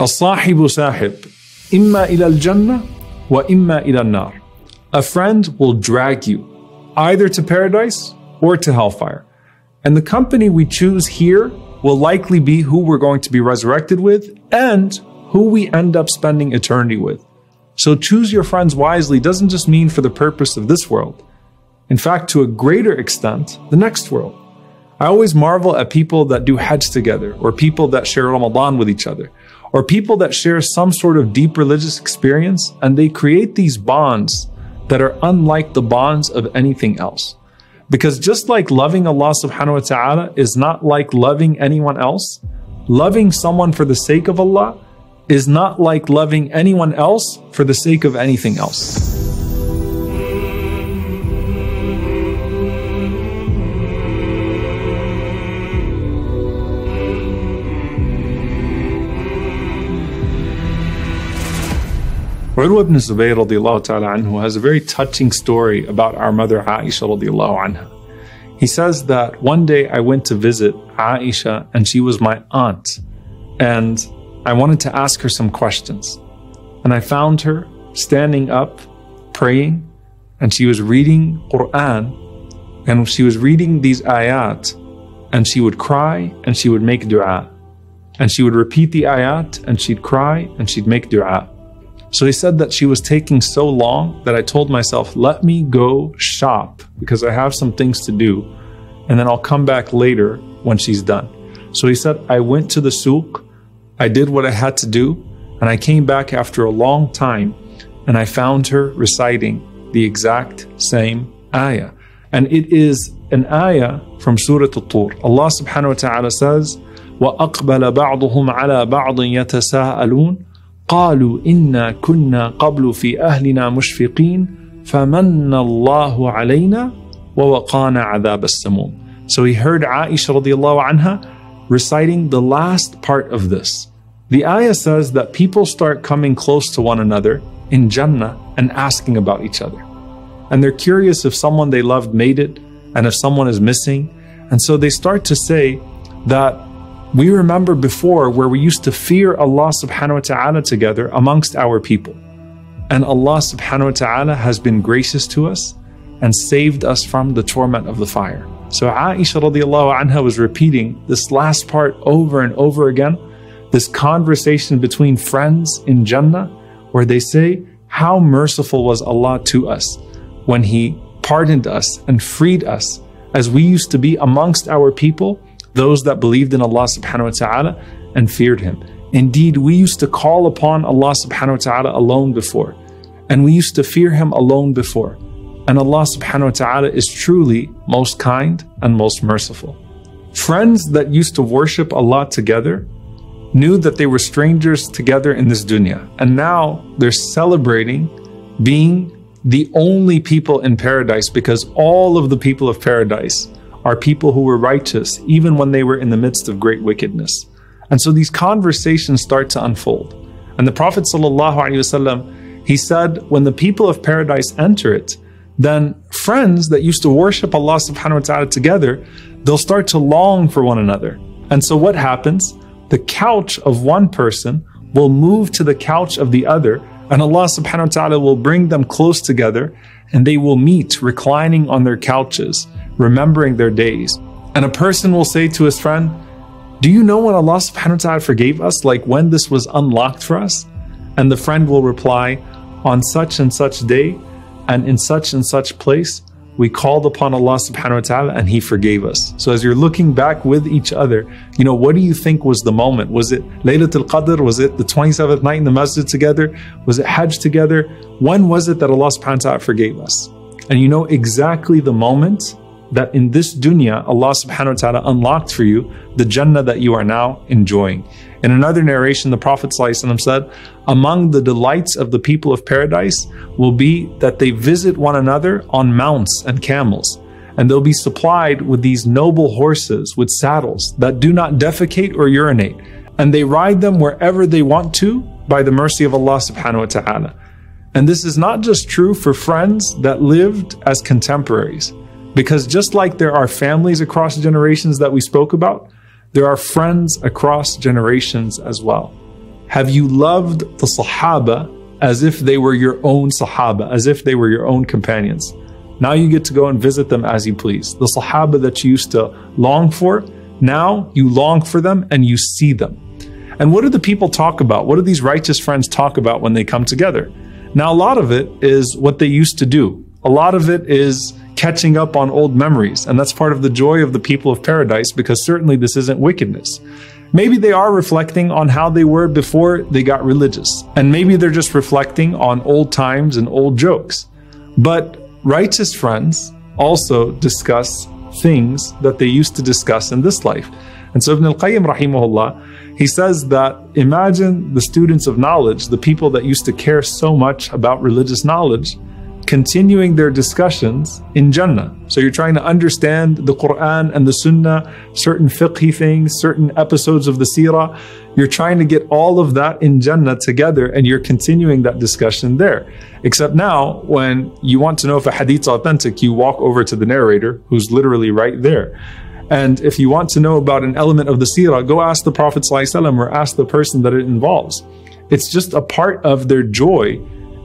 الصاحب ساحب إما إلى الجنة وإما إلى النار. A friend will drag you either to paradise or to hellfire. And the company we choose here will likely be who we're going to be resurrected with and who we end up spending eternity with. So choose your friends wisely doesn't just mean for the purpose of this world. In fact, to a greater extent, the next world. I always marvel at people that do Hajj together or people that share Ramadan with each other or people that share some sort of deep religious experience, and they create these bonds that are unlike the bonds of anything else. Because just like loving Allah subhanahu wa ta'ala is not like loving anyone else, loving someone for the sake of Allah is not like loving anyone else for the sake of anything else. Urwa ibn Zubayr ta'ala anhu has a very touching story about our mother Aisha radiallahu anha. He says that one day I went to visit Aisha and she was my aunt. And I wanted to ask her some questions. And I found her standing up, praying, and she was reading Quran. And she was reading these ayat, and she would cry and she would make dua. And she would repeat the ayat, and she'd cry and she'd make dua. So he said that she was taking so long that I told myself, let me go shop because I have some things to do. And then I'll come back later when she's done. So he said, I went to the souk, I did what I had to do, and I came back after a long time and I found her reciting the exact same ayah. And it is an ayah from Surah Al-Tur. Allah subhanahu wa ta'ala says, وَأَقْبَلَ بَعْضُهُمْ عَلَى بَعْضٍ يَتَسَاءَلُونَ قالوا انا كنا قبل في اهلنا مشفقين فمن الله علينا ووقانا عذاب السموم. So he heard Aisha radiallahu anha reciting the last part of this. The ayah says that people start coming close to one another in Jannah and asking about each other. And they're curious if someone they loved made it and if someone is missing. And so they start to say that we remember before where we used to fear Allah subhanahu wa ta'ala together amongst our people. And Allah subhanahu wa ta'ala has been gracious to us and saved us from the torment of the fire. So Aisha radiallahu anha was repeating this last part over and over again, this conversation between friends in Jannah, where they say, How merciful was Allah to us when He pardoned us and freed us as we used to be amongst our people those that believed in Allah subhanahu wa ta'ala and feared Him. Indeed, we used to call upon Allah subhanahu wa ta'ala alone before, and we used to fear Him alone before. And Allah subhanahu wa ta'ala is truly most kind and most merciful. Friends that used to worship Allah together knew that they were strangers together in this dunya, and now they're celebrating being the only people in paradise because all of the people of paradise are people who were righteous even when they were in the midst of great wickedness. And so these conversations start to unfold. And the Prophet ﷺ, he said, when the people of paradise enter it, then friends that used to worship Allah subhanahu wa ta'ala together, they'll start to long for one another. And so what happens? The couch of one person will move to the couch of the other, and Allah subhanahu wa ta'ala will bring them close together, and they will meet reclining on their couches remembering their days. And a person will say to his friend, Do you know when Allah subhanahu wa ta'ala forgave us, like when this was unlocked for us? And the friend will reply, On such and such day and in such and such place, we called upon Allah subhanahu wa ta'ala and He forgave us. So as you're looking back with each other, you know, what do you think was the moment? Was it Laylatul Qadr? Was it the 27th night in the masjid together? Was it Hajj together? When was it that Allah subhanahu wa ta'ala forgave us? And you know exactly the moment that in this dunya, Allah subhanahu wa ta'ala unlocked for you the Jannah that you are now enjoying. In another narration, the Prophet ﷺ said, Among the delights of the people of paradise will be that they visit one another on mounts and camels, and they'll be supplied with these noble horses with saddles that do not defecate or urinate, and they ride them wherever they want to by the mercy of Allah subhanahu wa ta'ala. And this is not just true for friends that lived as contemporaries. Because just like there are families across generations that we spoke about, there are friends across generations as well. Have you loved the Sahaba as if they were your own Sahaba, as if they were your own companions? Now you get to go and visit them as you please. The Sahaba that you used to long for, now you long for them and you see them. And what do the people talk about? What do these righteous friends talk about when they come together? Now, a lot of it is what they used to do. A lot of it is catching up on old memories, and that's part of the joy of the people of paradise because certainly this isn't wickedness. Maybe they are reflecting on how they were before they got religious, and maybe they're just reflecting on old times and old jokes. But righteous friends also discuss things that they used to discuss in this life. And so Ibn al-Qayyim rahimahullah, he says that imagine the students of knowledge, the people that used to care so much about religious knowledge, continuing their discussions in Jannah. So you're trying to understand the Quran and the Sunnah, certain fiqhi things, certain episodes of the Seerah. You're trying to get all of that in Jannah together and you're continuing that discussion there. Except now, when you want to know if a hadith's authentic, you walk over to the narrator who's literally right there. And if you want to know about an element of the Seerah, go ask the Prophet ﷺ or ask the person that it involves. It's just a part of their joy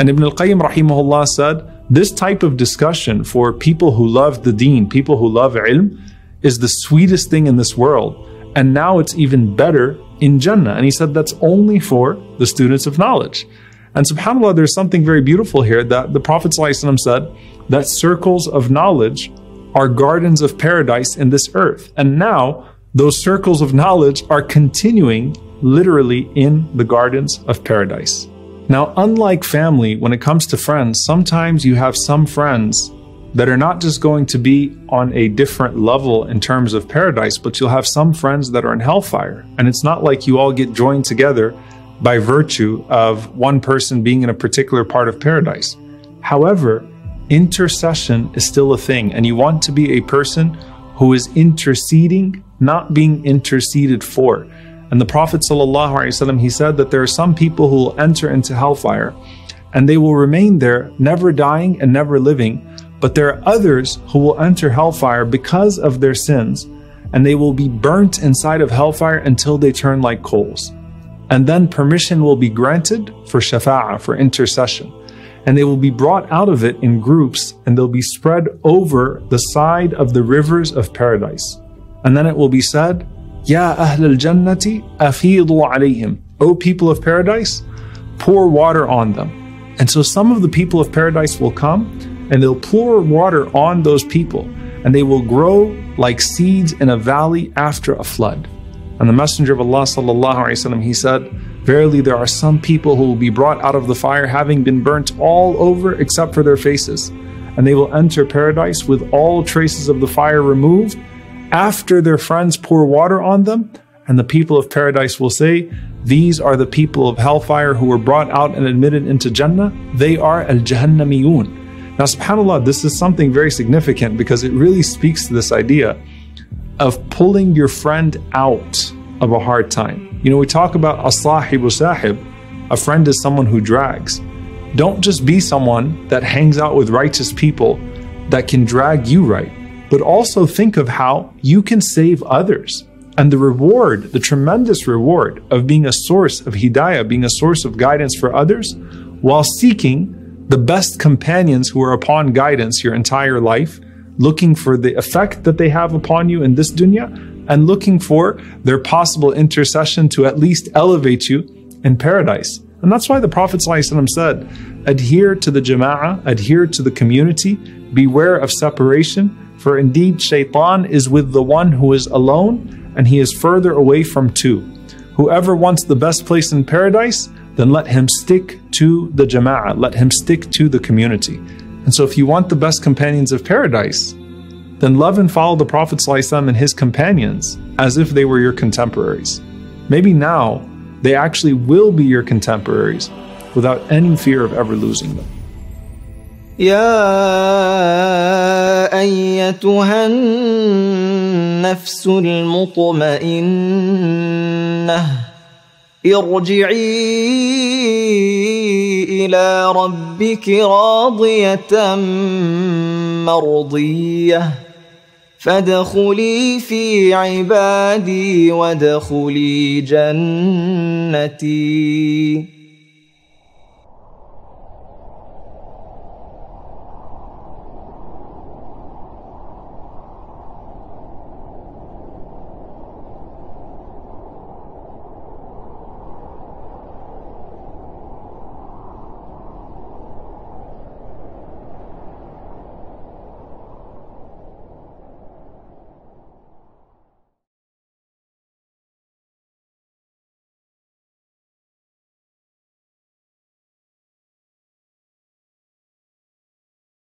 and Ibn al Qayyim rahimahullah said, This type of discussion for people who love the deen, people who love ilm, is the sweetest thing in this world. And now it's even better in Jannah. And he said that's only for the students of knowledge. And subhanAllah, there's something very beautiful here that the Prophet said that circles of knowledge are gardens of paradise in this earth. And now those circles of knowledge are continuing literally in the gardens of paradise. Now, unlike family, when it comes to friends, sometimes you have some friends that are not just going to be on a different level in terms of paradise, but you'll have some friends that are in hellfire. And it's not like you all get joined together by virtue of one person being in a particular part of paradise. However, intercession is still a thing, and you want to be a person who is interceding, not being interceded for. And the Prophet ﷺ, he said that there are some people who will enter into hellfire and they will remain there, never dying and never living. But there are others who will enter hellfire because of their sins and they will be burnt inside of hellfire until they turn like coals. And then permission will be granted for shafa'ah, for intercession. And they will be brought out of it in groups and they'll be spread over the side of the rivers of paradise. And then it will be said, Ya Ahl al Jannati, afidu O people of paradise, pour water on them. And so some of the people of paradise will come and they'll pour water on those people and they will grow like seeds in a valley after a flood. And the Messenger of Allah sallallahu alaihi wasallam he said, Verily there are some people who will be brought out of the fire having been burnt all over except for their faces, and they will enter paradise with all traces of the fire removed after their friends pour water on them, and the people of paradise will say, These are the people of hellfire who were brought out and admitted into Jannah. They are al Jahannamiyun. Now, subhanAllah, this is something very significant because it really speaks to this idea of pulling your friend out of a hard time. You know, we talk about asahib sahib. A friend is someone who drags. Don't just be someone that hangs out with righteous people that can drag you right but also think of how you can save others and the reward, the tremendous reward of being a source of hidayah, being a source of guidance for others, while seeking the best companions who are upon guidance your entire life, looking for the effect that they have upon you in this dunya, and looking for their possible intercession to at least elevate you in paradise. And that's why the Prophet said, adhere to the jama'ah, adhere to the community, beware of separation, for indeed, shaitan is with the one who is alone, and he is further away from two. Whoever wants the best place in paradise, then let him stick to the jama'ah, let him stick to the community. And so, if you want the best companions of paradise, then love and follow the Prophet ﷺ and his companions as if they were your contemporaries. Maybe now they actually will be your contemporaries without any fear of ever losing them. Yeah. ايتها النفس المطمئنه ارجعي الى ربك راضيه مرضيه فادخلي في عبادي وادخلي جنتي